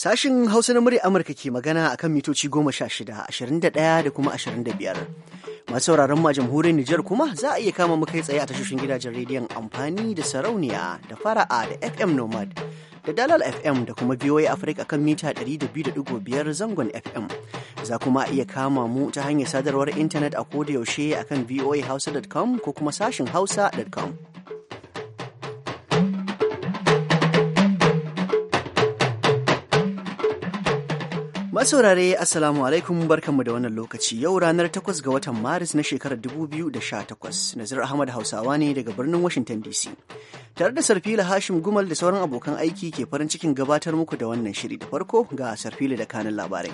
Sashin Hausa na murya Amurka ke magana a kan mitoci goma sha shida, ashirin da ɗaya da kuma ashirin da biyar. Masu sauraron ma jamhuriyar Nijar kuma za a iya kama mu kai tsaye a tashoshin gidajen rediyon amfani da sarauniya da fara'a da FM Nomad da Dalal FM da kuma VOA Africa kan mita ɗari da da biyu biyar zangon FM. Za kuma iya kama mu ta hanyar sadarwar intanet a kodayaushe a kan voahausa.com ko kuma sashin hausa.com. Masaurare Assalamu alaikum barkanmu da wannan lokaci yau ranar 8 ga watan Maris na shekarar 2018 Nazir Ahmad Hausawa ne daga birnin Washington DC. Tare da Sarfila Hashim Gumal da sauran abokan aiki ke farin cikin gabatar muku da wannan shiri da farko ga Sarfila da kanin labarai.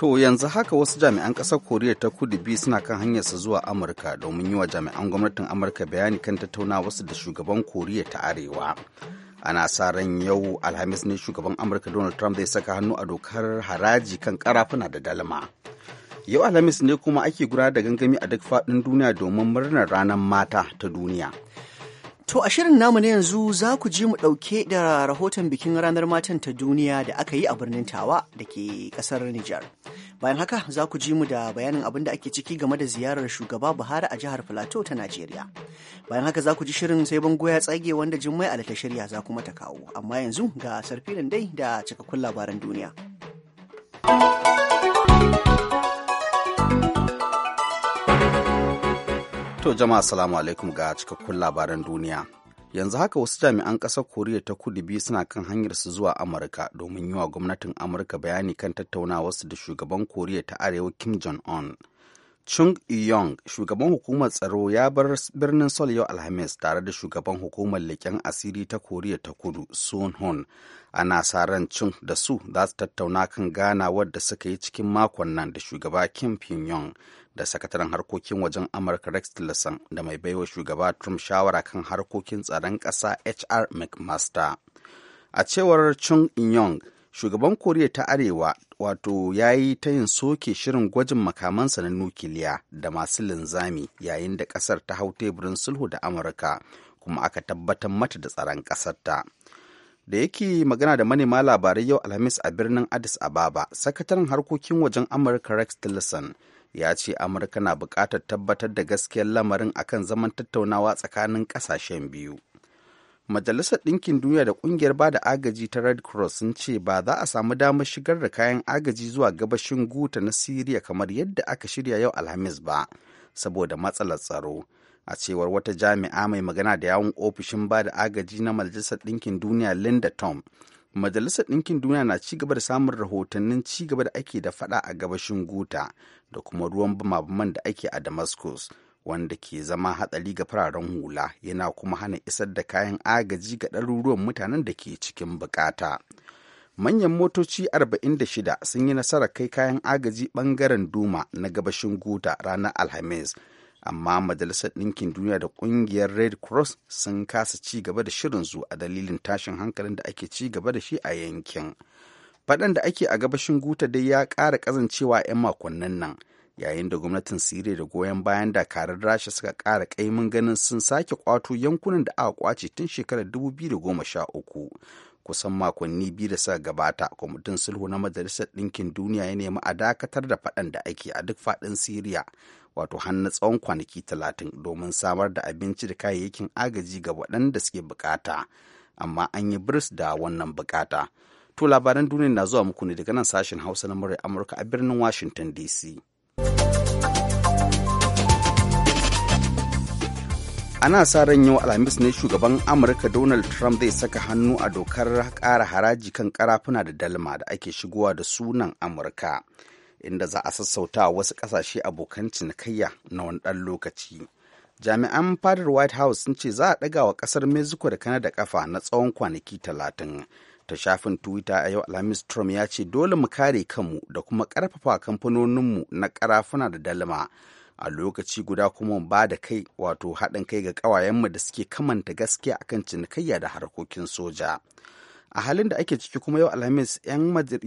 To yanzu haka wasu jami'an ƙasar Koriya ta kudu biyu suna kan hanyarsa zuwa Amurka domin yi wa jami'an gwamnatin Amurka bayani kan tattauna wasu da shugaban Koriya ta Arewa. ana sa ran yau alhamis ne shugaban amurka donald trump zai saka hannu a dokar haraji kan karafuna da dalma yau alhamis ne kuma ake gudanar da gangami a duk faɗin duniya domin murnar ranar mata ta duniya To a shirin namu na yanzu za ku ji mu ɗauke da rahoton bikin ranar matan ta duniya da aka yi a birnin Tawa da ke ƙasar Nijar. Bayan haka za ku ji mu da bayanin abin da ake ciki game da ziyarar shugaba Buhari a jihar Filato ta Najeriya. Bayan haka za ku ji shirin sai bango ya tsage wanda Jummai Ali ta shirya za kuma ta kawo. Amma yanzu ga sarfinin dai da cikakkun labaran duniya. To jama'a assalamu alaikum ga cikakkun labaran duniya. Yanzu haka wasu jami'an ƙasar Koriya ta kudu biyu suna kan hanyar su zuwa Amurka domin yi wa gwamnatin Amurka bayani kan tattaunawar su da shugaban Koriya ta Arewa Kim Jong-un. Chung Yong, shugaban hukumar tsaro ya bar birnin Seoul yau Alhamis tare da shugaban hukumar leken asiri ta Koriya ta Kudu, Sun Hun. Ana sa ran Chung da su za su tattauna kan gana wadda suka yi cikin makon nan da shugaba Kim Pyongyang da sakataren harkokin wajen Amurka Rex Tillerson da mai baiwa shugaba Trump shawara kan harkokin tsaron ƙasa HR McMaster. A cewar Chung Yong, shugaban koriya ta arewa wato ya yi ta yin soke shirin gwajin makamansa na nukiliya da masu linzami yayin da kasar ta hau teburin sulhu da amurka kuma aka tabbatar mata da tsaron kasarta da yake magana da manema labarai yau alhamis a birnin addis ababa sakataren harkokin wajen amurka rex tillerson ya ce amurka na buƙatar tabbatar da gaskiyar lamarin akan zaman tattaunawa tsakanin ƙasashen biyu Majalisar Ɗinkin Duniya da ƙungiyar ba da agaji ta Red Cross sun ce ba za a samu damar shigar da kayan agaji zuwa gabashin Guta na Siriya kamar yadda aka shirya yau Alhamis ba, saboda matsalar tsaro. A cewar wata jami'a mai magana da yawun ofishin ba da agaji na Majalisar Ɗinkin Duniya Linda Tom, Majalisar Ɗinkin Duniya na ci gaba da samun rahotannin ci gaba da ake da faɗa a gabashin Guta da kuma ruwan bumabuman da ake a Damascus. wanda ke zama hatsari ga fararen hula yana kuma hana isar da kayan agaji ga ɗaruruwan mutanen da ke cikin bukata. Manyan motoci 46 sun yi nasarar kai kayan agaji ɓangaren Duma na gabashin Guta ranar Alhamis, amma Majalisar Ɗinkin Duniya da ƙungiyar Red Cross sun kasa ci gaba da shirin su a dalilin tashin hankalin da ake ci gaba da shi a yankin. Faɗan da ake a gabashin Guta dai ya ƙara ƙazancewa 'yan makonnin nan. yayin da gwamnatin siriya da goyon bayan dakarun rasha suka ƙara ƙaimin ganin sun sake kwato yankunan da aka kwace tun shekarar 2013 kusan makonni biyu da suka gabata kwamitin sulhu na majalisar ɗinkin duniya ya nemi a dakatar da faɗan da ake a duk faɗin siriya wato hannu tsawon kwanaki talatin domin samar da abinci da kayayyakin agaji ga waɗanda suke bukata amma an yi birs da wannan bukata to labaran duniya na zuwa muku ne daga nan sashen hausa na murai amurka a birnin washington dc ana sa ran yau alhamis ne shugaban amurka donald trump zai saka hannu a dokar ƙara haraji kan karafuna da dalma da ake shigowa da sunan amurka inda za a sassauta wasu ƙasashe abokan cinikayya na wani ɗan lokaci jami'an fadar white house sun ce za a ɗaga wa ƙasar mexico da kanada kafa na tsawon kwanaki talatin ta shafin twitter a yau alhamis trump ya ce dole mu kare kanmu da kuma ƙarfafa kamfanoninmu na karafuna da dalma a lokaci guda kuma ba da kai wato haɗin kai ga ƙawayenmu da suke kamanta gaskiya akan cinikayya da harkokin soja a halin da ake ciki kuma yau alhamis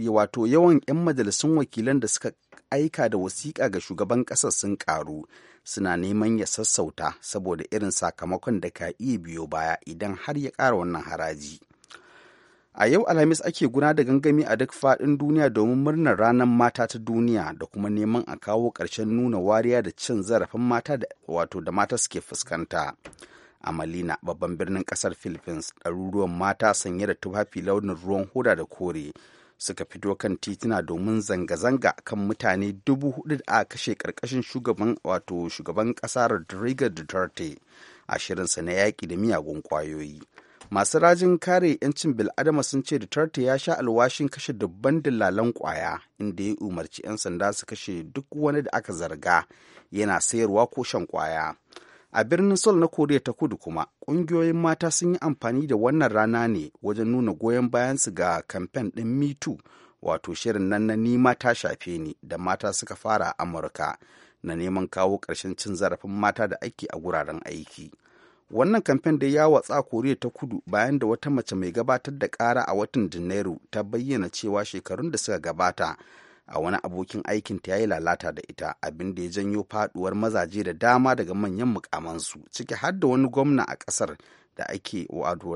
wato yawan 'yan majalisun wakilan da suka aika da wasiƙa ga shugaban ƙasa sun ƙaru suna neman ya sassauta saboda irin sakamakon da ka iya biyo baya idan har ya ƙara wannan haraji A yau Alhamis ake guna da gangami a duk faɗin duniya domin murnar ranar mata ta duniya da kuma neman a kawo ƙarshen nuna wariya da cin zarafin mata da wato da mata suke fuskanta. A Malina, babban birnin ƙasar Philippines, ɗaruruwan mata sanye da tufafi launin ruwan hoda da kore suka fito kan tituna domin zanga-zanga kan mutane dubu hudu da kashe karkashin shugaban wato shugaban kasar Rodrigo Duterte a shirinsa na yaƙi da miyagun ƙwayoyi. masu rajin kare 'yancin bil'adama sun ce Duterte ya sha alwashin kashe dubban dillalan kwaya inda ya umarci 'yan sanda su kashe duk wani da aka zarga yana sayarwa ko shan kwaya. A birnin sol na Koriya ta kudu kuma, ƙungiyoyin mata sun yi amfani da wannan rana ne wajen nuna goyon bayan su ga kamfen ɗin mitu wato shirin nan na nima ta shafe ni da mata suka fara a Amurka na neman kawo ƙarshen cin zarafin mata da ake a wuraren aiki. wannan kamfen da ya watsa koriya ta kudu bayan da wata mace mai gabatar da kara a watan janairu ta bayyana cewa shekarun da suka gabata a wani abokin aikinta ya yi lalata da ita abin da ya janyo faduwar mazaje da dama daga manyan mukamansu ciki har da wani gwamna a kasar da ake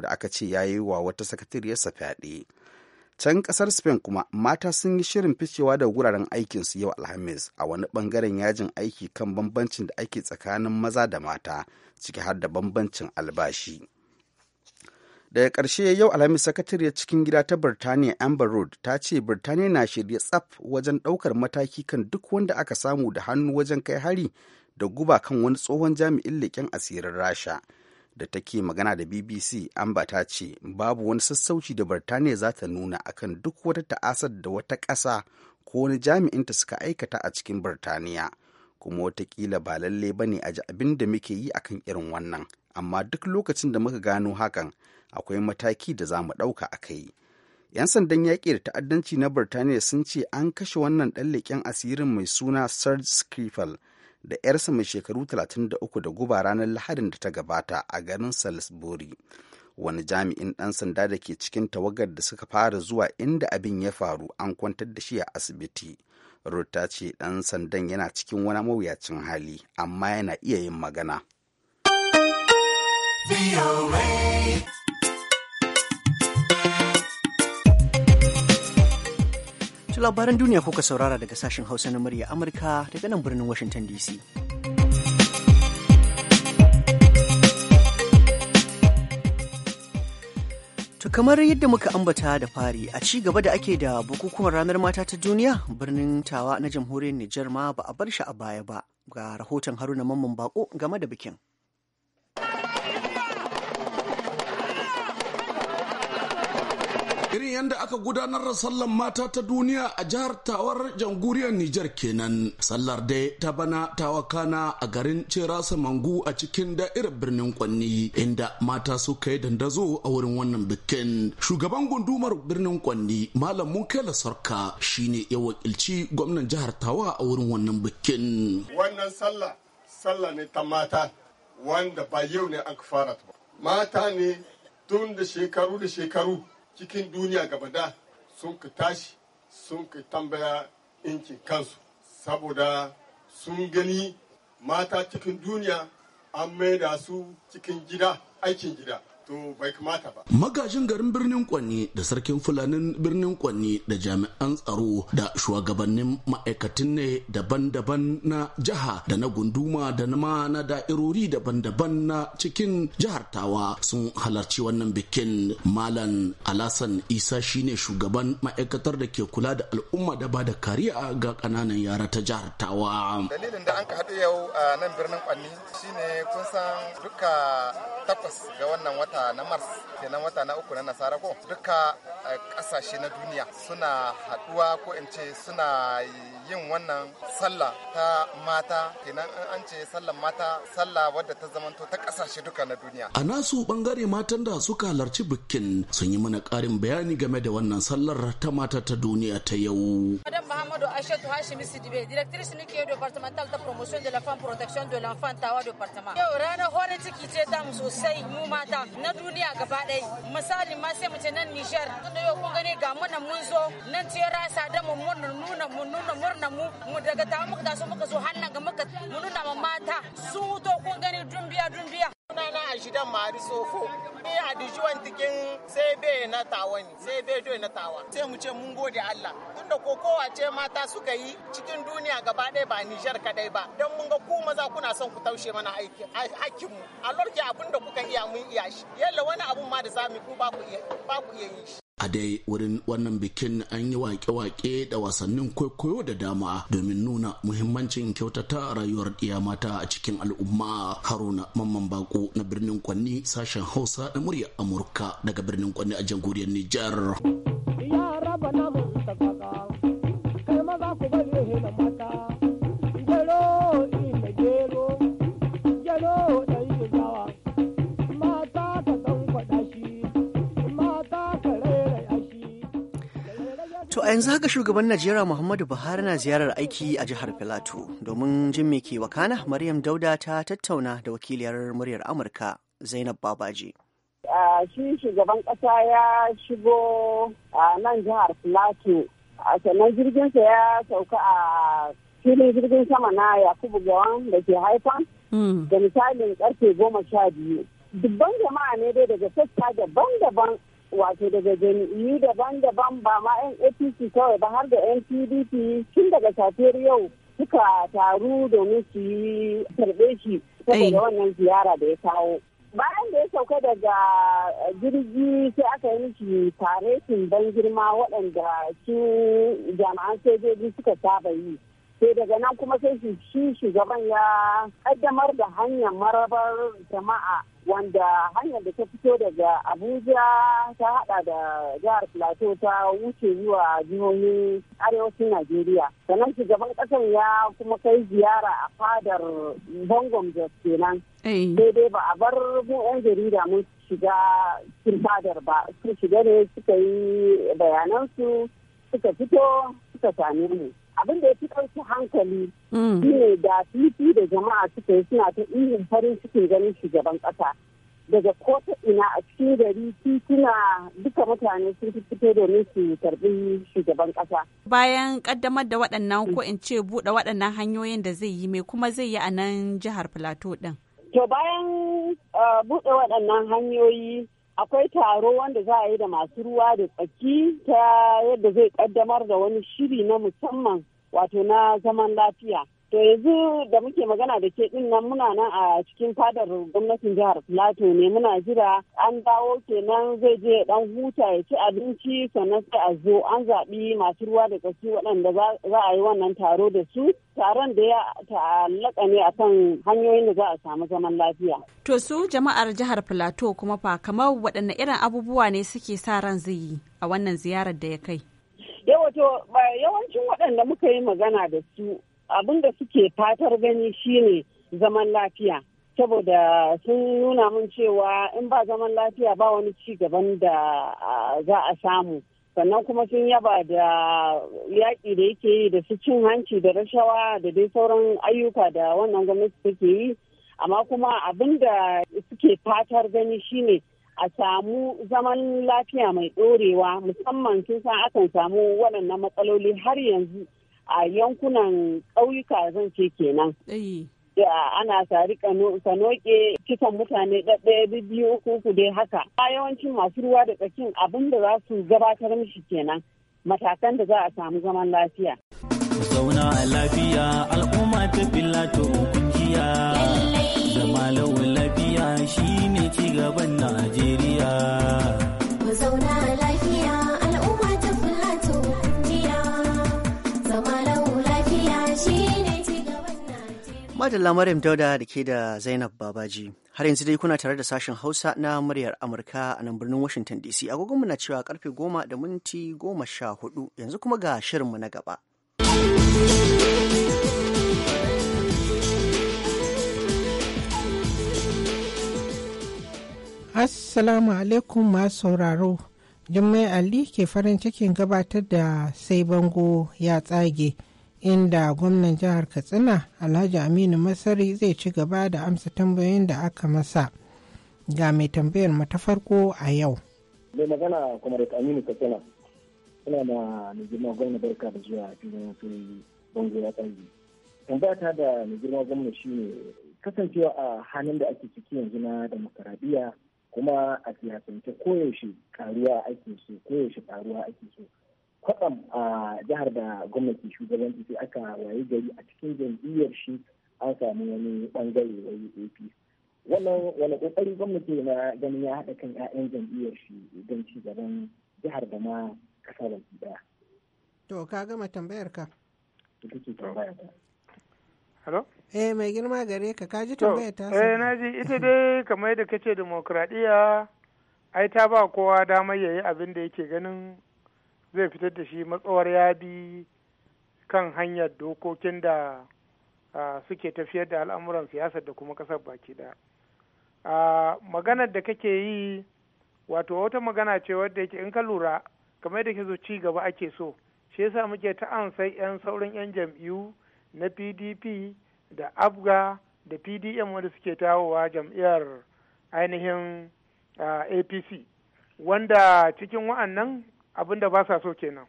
da aka ce ya yi wa wata sakatariyarsa fyaɗe. can kasar spain kuma mata sun yi shirin ficewa da wuraren aikinsu yau alhamis a wani bangaren yajin aiki kan bambancin da ake tsakanin maza da mata ciki har da bambancin albashi daga ƙarshe yau alhamis sakatariya cikin gida ta birtaniya amber road ta ce birtaniya na shirya tsaf wajen ɗaukar mataki kan duk wanda aka samu da hannu wajen kai hari da guba kan wani tsohon jami'in leƙen asirin rasha da take magana da bbc amba ta ce babu wani sassauci da birtaniya za ta nuna akan duk wata ta'asar da wata ƙasa ko wani jami'inta suka aikata a cikin birtaniya kuma watakila ba lalle ba ne a ji abin da muke yi akan irin wannan amma duk lokacin da muka gano hakan akwai mataki da za mu ɗauka a kai 'yan sandan yaƙi da ta'addanci na birtaniya sun ce an kashe wannan ɗan leƙen asirin mai suna serge skripal da 'yarsa mai shekaru 33 da guba ranar lahadin da ta gabata a garin salisbury wani jami'in ɗan sanda da ke cikin tawagar da suka fara zuwa inda abin ya faru an kwantar da shi a asibiti Rota ta ce ɗan sandan yana cikin wani mawuyacin hali amma yana iya yin magana. labaran duniya kuka saurara daga sashen Hausa na murya Amurka daga nan birnin Washington DC. To kamar yadda muka ambata da fari a ci gaba da ake da bukukuwan ranar mata ta duniya birnin tawa na jamhuriyar Nijar ma ba a bar shi a baya ba ga rahoton Haruna Mamman Bako game da bikin. irin yadda aka gudanar da sallar mata ta duniya a jihar tawar jamhuriyar Nijar kenan. Sallar dai ta bana tawakana a garin Cerasa Mangu a cikin da'irar birnin Kwanni inda mata suka yi dandazo a wurin wannan bikin. Shugaban gundumar birnin Kwanni Malam Munkela Sarka shine ya wakilci gwamnan jihar Tawa a wurin wannan bikin. Wannan sallah sallah ne ta mata wanda ba yau ne an fara ta ba. Mata ne tun da shekaru da shekaru cikin duniya gabada sun ka tashi sun ka tambaya inkin kansu saboda sun gani mata cikin duniya an maida su cikin gida aikin gida to bai kamata ba. Magajin garin birnin Kwanni da sarkin Fulanin birnin Kwanni da jami'an tsaro da shugabannin ma'aikatan ne daban-daban na jiha da na gunduma da na na da'irori daban-daban na cikin jihar Tawa sun halarci wannan bikin Malam Alasan Isa shine shugaban ma'aikatar da ke kula da al'umma da ba da kariya ga kananan yara ta jihar Tawa. Dalilin da an ka haɗu yau a nan birnin Kwanni shine kun san duka takwas ga wannan wata wata na mars kenan wata na uku na nasara ko duka kasashe eh, na duniya suna haduwa ko in ce suna yin wannan sallah ta mata kenan an ce sallan mata sallah wadda ta zamanto ta kasashe duka na duniya a nasu bangare matan da suka halarci bikin sun yi mana karin bayani game da wannan sallar ta mata ta duniya ta yau madam muhammadu ashatu hashimi sidibe directrice nuke departmental ta promotion de la femme protection de l'enfant tawa departement yau ranar horin ciki ce ta mu sosai mu mata na duniya gaba ɗaya misali ma sai mu ce nan Niger tunda yau kun gani ga mu mun zo nan ce rasa da mu mun nuna mu nuna murna mu mu daga ta muka taso muka zo hannan ga muka mu nuna ma mata su to kun gani dumbiya dumbiya sunana a shidan mari tsofo ni a dijuwan tikin sai na tawa ne sai be na tawa sai mu ce mun gode Allah tunda kokowa ce mata suka yi cikin duniya gaba ɗaya ba Nijar kadai ba don mun ga ku maza kuna son ku taushe mana aikin hakkin mu a lorke abin da kuka iya mun iya shi yalla wani abun ma da zamu ku ba ku iya ba ku iya yi shi a dai wurin wannan bikin an yi wake-wake da wasannin kwaikwayo da dama domin nuna muhimmancin kyautata rayuwar iya mata a cikin al'umma haruna mamman bako na birnin kwanni sashen hausa da murya amurka daga birnin kwanni a jamhuriyar nijar yanzu haka shugaban Najeriya Muhammadu Buhari na ziyarar aiki a jihar Filato domin jin me ke wakana Maryam Dauda ta tattauna da wakiliyar muryar Amurka Zainab Babaji. Shi shugaban ƙasa ya shigo a nan jihar Filato, sannan jirginsa ya sauka a filin jirgin sama na Yakubu Gawan da ke haifan hmm. da misalin karfe goma sha biyu. Dubban jama'a ne dai daga sassa daban-daban wato daga jami'i daban-daban ba ma yan apc kawai ba har da yan pdp tun daga safiyar yau suka taru domin su yi karɓe shi saboda wannan ziyara da ya kawo bayan da ya sauka daga jirgi sai aka yi miki faretin ban girma waɗanda su jami'an sojoji suka saba yi sai daga nan kuma sai su shi shugaban ya kaddamar da hanyar marabar jama'a wanda hanyar da ta fito daga abuja ta hada da jihar plateau ta wuce zuwa jihohin arewacin najeriya sannan shugaban kasar ya kuma kai ziyara a fadar bangon jos kenan daidai eh. ba a bar mu yan jarida mun shiga cikin fadar ba su shiga ne suka yi bayanansu suka fito suka same mu abin da ya fi kansu hankali mm. shine da titi da jama'a suka yi suna ta irin farin cikin ganin shugaban kasa. daga kota ina a cikin gari tituna duka mutane sun fito domin su karbi shugaban kasa. bayan kaddamar da waɗannan ko in ce buɗe waɗannan hanyoyin da zai yi mai kuma zai yi a nan jihar plateau ɗin. to bayan uh, buɗe waɗannan hanyoyi akwai taro wanda za a yi da masu ruwa da tsaki ta yadda zai kaddamar da wani shiri na musamman wato na zaman lafiya To yanzu da muke magana da ke din nan muna nan a cikin fadar gwamnatin jihar Plateau ne muna jira an dawo kenan zai je dan huta ya ci abinci sannan sai a zo an zaɓi masu ruwa da tsaki waɗanda za a yi wannan taro da su taron da ya ta'allaka ne akan hanyoyin da za a samu zaman lafiya. To su jama'ar jihar Plateau kuma fa kamar waɗanne irin abubuwa ne suke sa ran zai yi a wannan ziyarar da ya kai. yawancin waɗanda muka yi magana da su abin da suke fatar gani shine zaman lafiya saboda sun nuna mun cewa in ba zaman lafiya ba wani ci gaban da za a samu sannan kuma sun yaba da yaƙi da yake yi da su cin hanci da rashawa da dai sauran ayyuka da wannan gwamnati take yi amma kuma abin da suke fatar gani shine a samu zaman lafiya mai ɗorewa musamman sun san akan samu waɗannan matsaloli har yanzu a yankunan ƙauyuka zan ce kenan. da ana sari sanoke kisan mutane ɗaya biyu ko uku dai haka. A yawancin masu ruwa da tsakin abin da za su gabatar mishi kenan matakan da za a samu zaman lafiya. Zauna a lafiya al'umma ta filato kungiya. Zama lawan lafiya ci cigaban Najeriya. Zauna a Madalla Maryam Dauda da ke da Zainab Babaji. Har yanzu dai kuna tare da sashen Hausa na muryar Amurka a nan birnin Washington DC. mu na cewa karfe goma da minti goma sha hudu yanzu kuma ga shirinmu na gaba. Assalamu alaikum masu sauraro. Jummai Ali ke farin cikin gabatar da sai bango ya tsage. inda gwamnan jihar katsina alhaji aminu masari zai ci gaba da amsa tambayoyin da aka masa ga mai tambayar mu ta farko a yau mai magana kuma da aminu katsina suna da nijima gwamna barka da zuwa filin sai bango ya tsangi tambaya ta da nijima gwamna shine kasancewa a hannun da ake ciki yanzu na demokaradiyya kuma a siyasance koyaushe karuwa ake so koyaushe karuwa ake so kwatsam a jihar da gwamnati shugabanci sai aka wayi gari a cikin jam'iyyar shi an samu wani bangare wani ap wannan wani kokari gwamnati na ganin ya haɗa kan 'ya'yan jam'iyyar shi don ci gaban jihar da ma kasa da daya. to ka gama tambayar ka Hello? Eh mai girma gare ka ka ji tambaya ta Eh na ji ita dai kamar yadda kace demokradiya ai ta ba kowa damar yayi abin da yake ganin zai fitar da shi matsawar ya bi kan hanyar dokokin da suke tafiyar da al'amuran siyasar da kuma kasar baki da maganar da kake yi wato wata magana ce wadda yake in ka lura kamar yadda ke zo ci gaba ake so shi yasa muke ta an sai 'yan saurin 'yan jam'iyyu na pdp da abga da pdm wanda suke tawowa jam'iyyar ainihin apc wanda cikin wa'annan abin da ba sa so kenan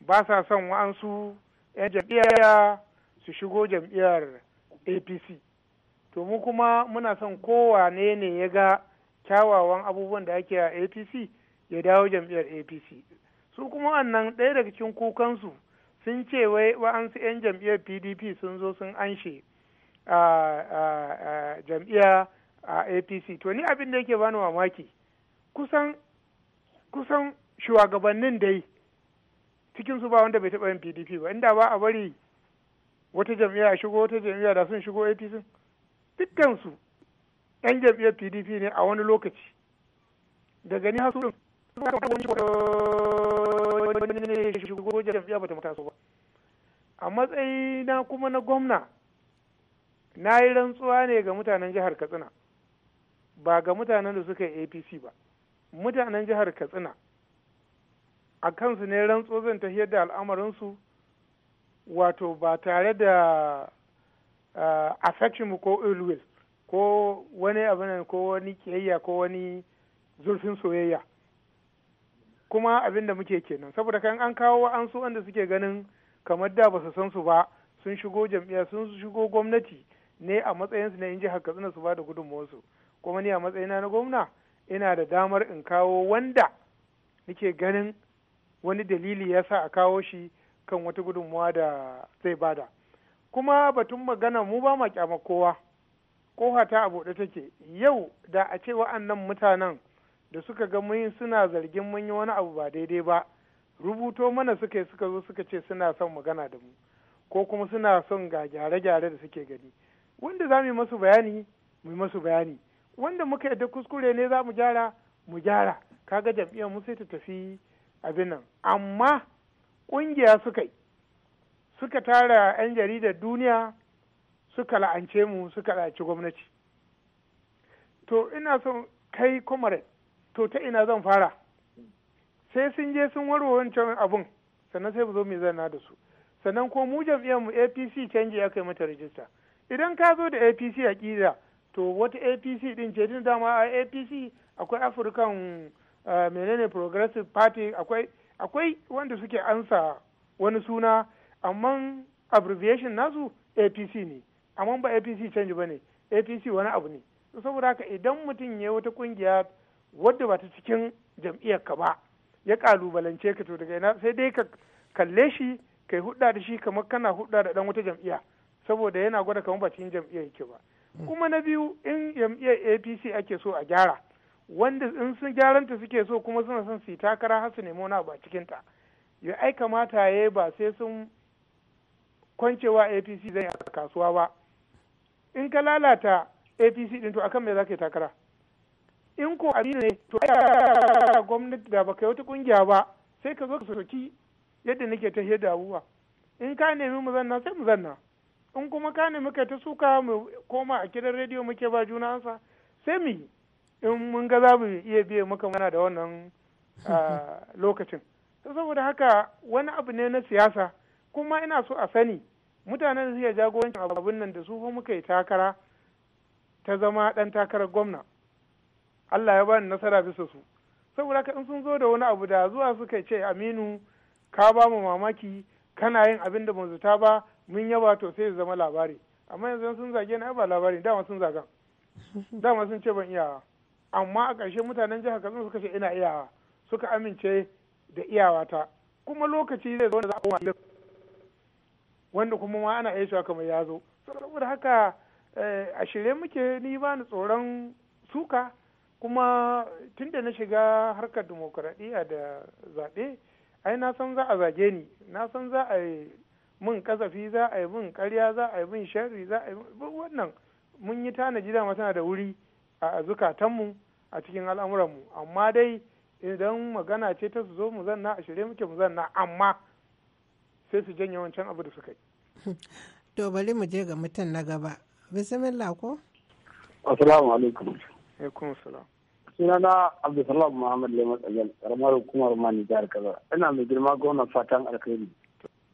ba sa son wa'ansu 'yan jam'iyya su shigo jam'iyyar apc to mu kuma muna son kowane ne ya ga kyawawan abubuwan da ake a apc ya dawo jam'iyyar apc su kuma wannan ɗaya daga cikin kukansu sun ce wai wa'ansu 'yan jam'iyyar pdp sun zo sun anshe a jam'iyya a apc to ni abin da yake bani mamaki kusan kusan shugabannin dai cikin su ba wanda bai taɓa yin pdp ba inda ba a bari wata jam'iyya shigo wata jam'iyya da sun shigo apc dukkan su yan jam'iyyar pdp ne a wani lokaci da gani hasu din shigo jam'iyya bata ba a matsayina kuma na gwamna na yi rantsuwa ne ga mutanen jihar katsina ba ga mutanen da suka yi apc ba mutanen jihar katsina a kansu ne rantso zan tafiyar da al'amarinsu wato ba tare da affection ko ill ko wani abu ne ko wani kiyayya ko wani zurfin soyayya kuma abin da muke kenan saboda kan an kawo an su wanda suke ganin kamar da ba su san su ba sun shigo jam'iyya sun shigo gwamnati ne a matsayinsu na in jihar katsina su ba da gudunmawarsu kuma ni a matsayina na gwamna ina da damar in kawo wanda nake ganin wani dalili ya sa a kawo shi kan wata gudunmuwa da zai bada kuma batun magana mu ba ma kyama kowa koha ta a da take yau da a ce wa'annan mutanen da suka ga mun suna zargin mun yi wani abu ba daidai ba rubuto mana suka suka zo suka ce suna son magana da mu ko kuma suna son ga gyare-gyare da suke gani wanda za mu yi masu bayani mu yi masu bayani wanda muka yadda kuskure ne za mu gyara mu gyara kaga jam'iyyar mu sai ta tafi abin nan amma kungiya suka yi suka tara 'yan jaridar duniya suka la'ance mu suka la'aci gwamnati to ina son kai comrade to ta ina zan fara sai sun je sun warwa wancan abun sannan sai zo mu zanna da su sannan ko mu jam'iyyar mu APC canji aka yi mata rajista idan ka zo da APC a kira to wata APC din ce din dama a APC akwai African Eh, menene progressive party akwai akwai wanda suke ansa wani suna amma abbreviation nasu apc ne amma ba apc canji ba ne apc wani abu ne saboda haka idan mutum ya wata kungiya wadda ba ta cikin jam'iyyar ka ba ya kalubalance ka to daga ina sai dai ka kalle shi kai hudda da shi kamar kana hudda da dan wata jam'iyya saboda yana gwada kamar ba cikin jam'iyyar yake ba hmm. kuma na biyu in jam'iyyar apc ake so a gyara wanda in sun gyaranta suke so kuma suna son su yi takara har su nemi wani abu a cikinta ya ai kamata ya ba sai sun kwancewa apc zai a kasuwa ba in ka lalata apc din to akan me za ka yi takara in ko abin ne to gwamnati da baka yi wata kungiya ba sai ka zo ka soki yadda nake ta da abubuwa in ka nemi mu zanna sai mu zanna in kuma ka nemi ka ta suka mu koma a gidan rediyo muke ba juna ansa sai mu yi in mun ga za mu iya biye maka mana da wannan ah, lokacin saboda haka wani abu ne na siyasa kuma ina so a sani mutanen da suke jagorancin abin nan da su fa muka yi takara ta zama dan takarar gwamna Allah ya bani nasara bisa su saboda haka in sun zo da wani abu da zuwa suka ce Aminu ka ba mu mamaki kana yin abin da mu zuta ba mun yaba to sai zama labari amma yanzu sun zage na ba labari dama sun zagan dama sun ce ban iyawa amma a ƙarshe mutanen jihar katsina suka ce ina iyawa suka amince da iyawata kuma lokaci zai zo da za a koma wanda kuma ma ana iya kamar ya zo saboda haka eh, a shirye muke ni ba ni tsoron suka kuma tun da na shiga harkar dimokuraɗiyya da zaɓe ai na san za a zage ni na san za a yi min kasafi za a yi min karya za a yi min sharri za a yi wannan mun yi tanaji dama tana da wuri a zukatanmu a cikin al'amuranmu amma dai idan magana ce ta su zo mu zanna a shirye muke mu zanna amma sai su janye wancan abu da suka yi. To bari mu je ga mutum na gaba. Bismillah ko? Assalamu alaikum. Alaikum salam. na Abdulsalam Muhammad lema Tsagal, karamar hukumar Mani jihar Kaza. Ina mai girma gona fatan alkhairi.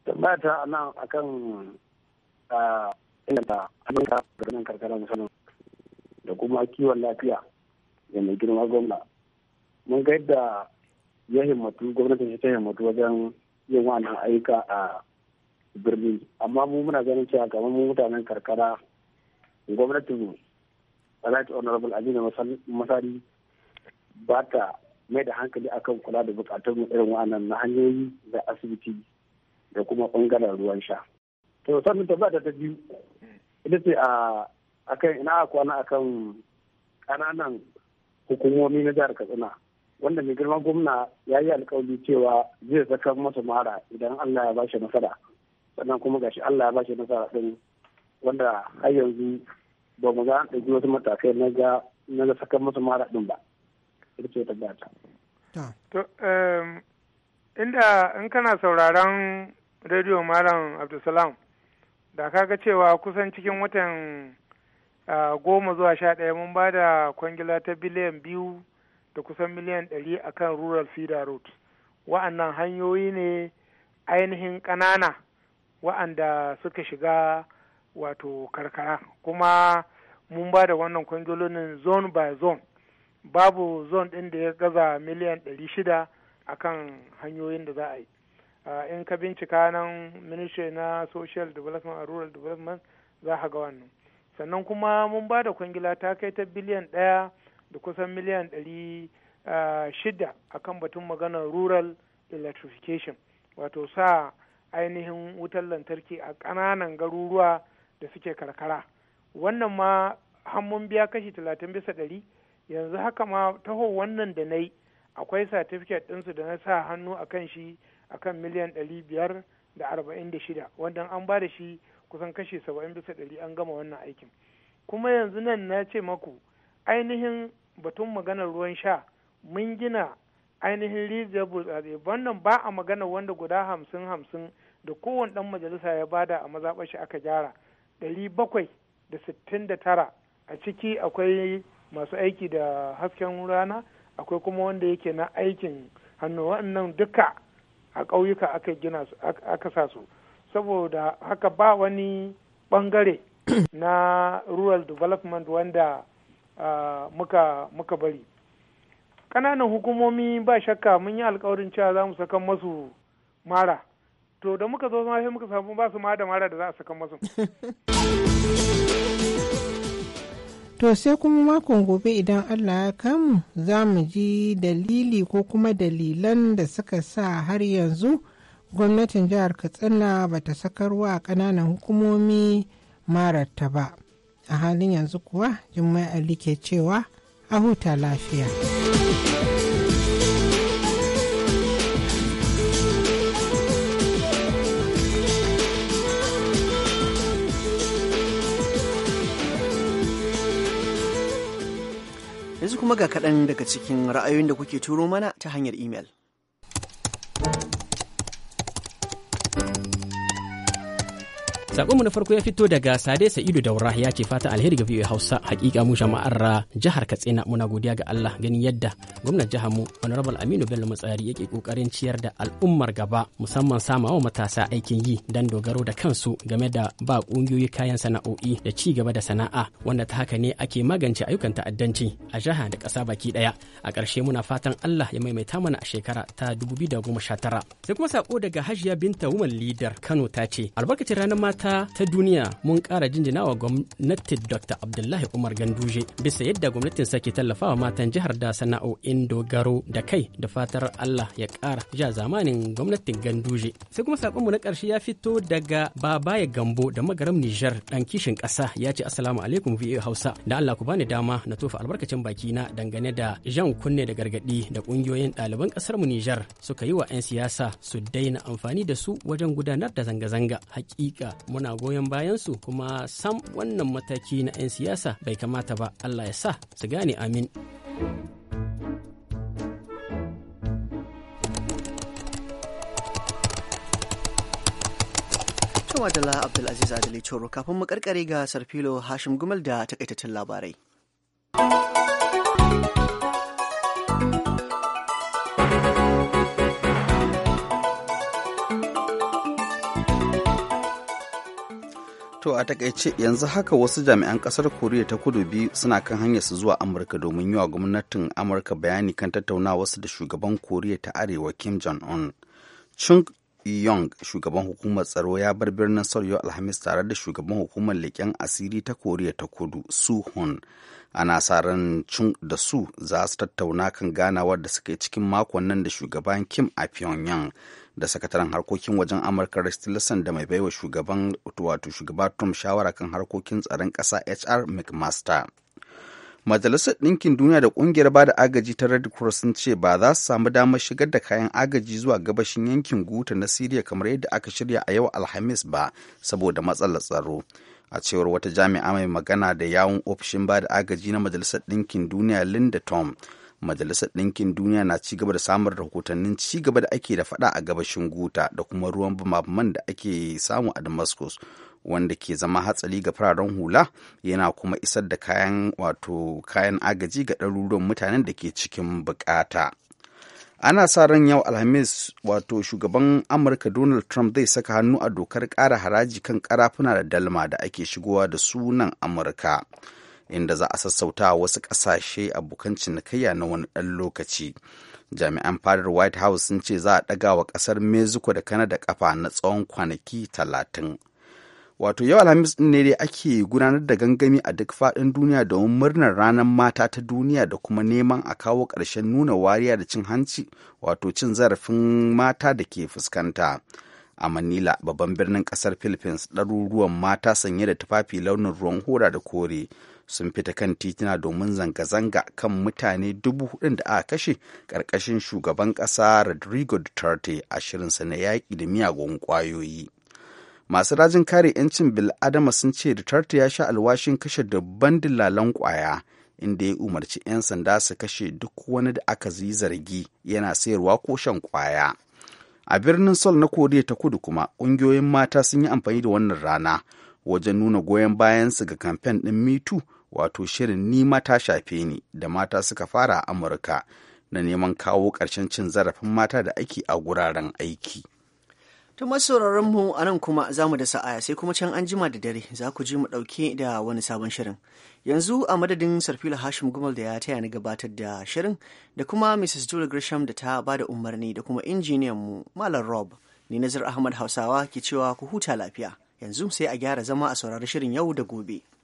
Tambaya ta nan akan ah, ina ta Amurka da nan karkara musamman. da kuma kiwon lafiya da mai girma gwamna mun ga yadda ya himmatu gwamnatin ta himmatu wajen yin wannan ayyuka a birni amma mu muna ganin cewa kamar mu mutanen karkara gwamnatin right honorable aminu masari ba ta mai da hankali akan kula da bukatun irin wannan na hanyoyi da asibiti da kuma bangaren ruwan sha to sannan tabbata ta biyu ita ce a ah, akan ina a kwana akan kananan hukumomi na jihar katsina wanda mai girman gwamna ya yi alkawari cewa zai saka masa mara idan allah ya bashi nasara sannan kuma gashi allah ya bashi nasara din wanda har yanzu ba mu ga ɗauki wasu matakai na ga na ga sakan masa mara din ba ita ce tabbata to inda in kana sauraron rediyo malam abdulsalam da ka ga cewa kusan cikin watan goma zuwa sha ɗaya mun ba da kwangila ta biliyan biyu da kusan miliyan ɗari a kan rural feeder road wa'annan hanyoyi ne ainihin ƙanana wa'anda suka shiga wato karkara kuma mun ba da wannan kwangilonin zone by zone babu zone ɗin da ya gaza miliyan ɗari shida a kan hanyoyin da za a yi in ka bincika nan ministry na social development and rural development za ka ga wannan sannan kuma mun ba da kwangila ta kai ta biliyan ɗaya da kusan miliyan ɗari ah, shida a kan batun maganar rural electrification wato sa ainihin wutar lantarki a ƙananan garuruwa da suke karkara wannan ma mun biya kashi talatin bisa ɗari yanzu haka ma taho wannan da na yi akwai satifiket ɗinsu da na sa hannu a kan shi a kan miliyan ɗari biyar da arba'in da shida wanda an ba da shi kusan kashi saba'in bisa ɗari an gama wannan aikin kuma yanzu nan na ce maku ainihin batun maganar ruwan sha mun gina ainihin rijiyar burtsatse wannan ba a magana wanda guda hamsin hamsin da kowane ɗan majalisa ya bada a maza shi aka gyara ɗari bakwai da sittin da tara a ciki akwai masu aiki da hasken rana akwai kuma wanda yake na aikin hannu wannan duka a ƙauyuka aka gina aka sa su saboda haka ba wani bangare na rural development wanda uh, muka, bari ƙananan hukumomi ba shakka mun yi alkawarin cewa za mu sakan masu mara to da muka zo ma sai muka samu ba su ma da mara da za a sakan masu To sai kuma makon gobe idan Allah ya kamu za mu ji dalili ko kuma dalilan da suka sa har yanzu gwamnatin jihar katsina ba ta sakarwa a ƙananan hukumomi mararta ba a halin yanzu kuwa jima'i ali ke cewa a huta lafiya yanzu kuma ga kaɗan daga cikin ra'ayoyin da kuke turo mana ta hanyar imel. Sakonmu na farko ya fito daga Sade Sa'idu Daura ya ce fata alheri ga biyu Hausa hakika mu jama'ar ah, jihar Katsina muna godiya ga Allah ganin yadda gwamnan jihar mu Honorable Aminu Bello Matsari yake kokarin ciyar da al'ummar gaba musamman wa matasa aikin yi dan dogaro da kansu game da ba kungiyoyi kayan sana'o'i da ci gaba da sana'a wanda ta haka ne ake magance ayyukan ta'addanci a jaha da ƙasa baki ɗaya A ƙarshe muna fatan Allah ya maimaita mana a shekara ta 2019. Sai kuma sako daga Hajiya Binta Woman Leader Kano ta ce albarkacin ranar mata mata ta duniya mun ƙara jinjina wa gwamnatin Dr. Abdullahi Umar Ganduje bisa yadda gwamnatin sa ke tallafawa matan jihar da sana'o'in dogaro da kai da fatar Allah ya ƙara ja zamanin gwamnatin Ganduje. Sai kuma sakonmu na ƙarshe ya fito daga Babaye Gambo da magaram Nijar dan kishin ƙasa ya ce Assalamu alaikum VOA Hausa da Allah ku bani dama na tofa albarkacin baki na dangane da Jean kunne da gargadi da ƙungiyoyin ɗaliban ƙasar mu Nijar suka yi wa 'yan siyasa su daina amfani da su wajen gudanar da zanga-zanga. Hakika muna goyon bayan su kuma sam wannan mataki na 'yan siyasa bai kamata ba allah ya sa su gane amin Barkawa da Abdulaziz Adali Coro kafin mu karkare ga Sarfilo Hashim Gumal da takaitattun labarai. To a takaice yanzu haka wasu jami'an kasar Koriya ta kudu biyu suna kan hanyar su zuwa Amurka domin yi wa gwamnatin Amurka bayani kan tattaunawarsu da shugaban Koriya ta Arewa Kim Jong-un. Chung Yong, shugaban hukumar tsaro ya bar birnin Seoul yau Alhamis tare da shugaban hukumar leƙen asiri ta Koriya ta Kudu, Su Hun, ana sa ran cin da su za su tattauna kan ganawar da suke cikin makon nan da shugaban kim a pyongyang da sakataren harkokin wajen amurka rex tillerson da mai baiwa shugaban wato shugaba trump shawara kan harkokin tsaron ƙasa hr mcmaster majalisar ɗinkin duniya da ƙungiyar bada agaji ta red cross sun ce ba za su samu damar shigar da kayan agaji zuwa gabashin yankin guta na siriya kamar yadda aka shirya a yau alhamis ba saboda matsalar tsaro a cewar wata jami'a mai magana da yawun ofishin ba da agaji na majalisar ɗinkin duniya linda tom majalisar ɗinkin duniya na ci gaba da samar rahotannin ci gaba da ake da faɗa a gabashin guta da kuma ruwan bumabuman da ake samu a damascus wanda ke zama hatsari ga fararen hula yana kuma isar da kayan wato kayan agaji ga ɗaruruwan mutanen da ke cikin bukata. ana sa ran yau alhamis wato shugaban amurka donald trump zai saka hannu a dokar kara haraji kan karafuna da dalma da ake shigowa da sunan amurka inda za a sassauta wasu ƙasashe abokan cinikayya na wani ɗan lokaci jami'an fadar white house sun ce za a ɗaga wa ƙasar mexico da kanada ƙafa na tsawon kwanaki talatin wato yau alhamis din ne dai ake gudanar da gangami a duk faɗin duniya domin murnar ranar mata ta duniya da kuma neman a kawo ƙarshen nuna wariya da cin hanci wato cin zarafin mata da ke fuskanta a manila babban birnin ƙasar philippines ɗaruruwan mata sanye da tufafi launin ruwan hura da kore sun fita kan titina domin zanga-zanga kan mutane dubu hudun da aka kashe ƙarƙashin shugaban ƙasa rodrigo duterte a shirinsa na yaƙi da miyagun ƙwayoyi masu rajin kare 'yancin bil'adama sun ce Duterte ya sha alwashin kashe dabban dillalan kwaya inda ya umarci 'yan sanda su kashe duk wani da aka yi zargi yana sayarwa ko shan kwaya. A birnin sol na Koriya ta kudu kuma ƙungiyoyin mata sun yi amfani da wannan rana wajen nuna goyon bayansu ga kamfen ɗin mitu wato shirin ni mata shafe ni da mata suka fara a Amurka na neman kawo ƙarshen cin zarafin mata da ake a guraren aiki. Tun masauraran mu a nan kuma za mu da sa'aya sai kuma can an jima da dare za ku ji mu ɗauke da wani sabon shirin. Yanzu a madadin Sarfila Hashim Gumal da ya taya ni gabatar da shirin da kuma Mrs. Julie Grisham da ta ba da umarni da kuma injiniyan mu Malam Rob. Ni Nazar Ahmad Hausawa ke cewa ku huta lafiya. Yanzu sai a gyara zama a saurari shirin yau da gobe.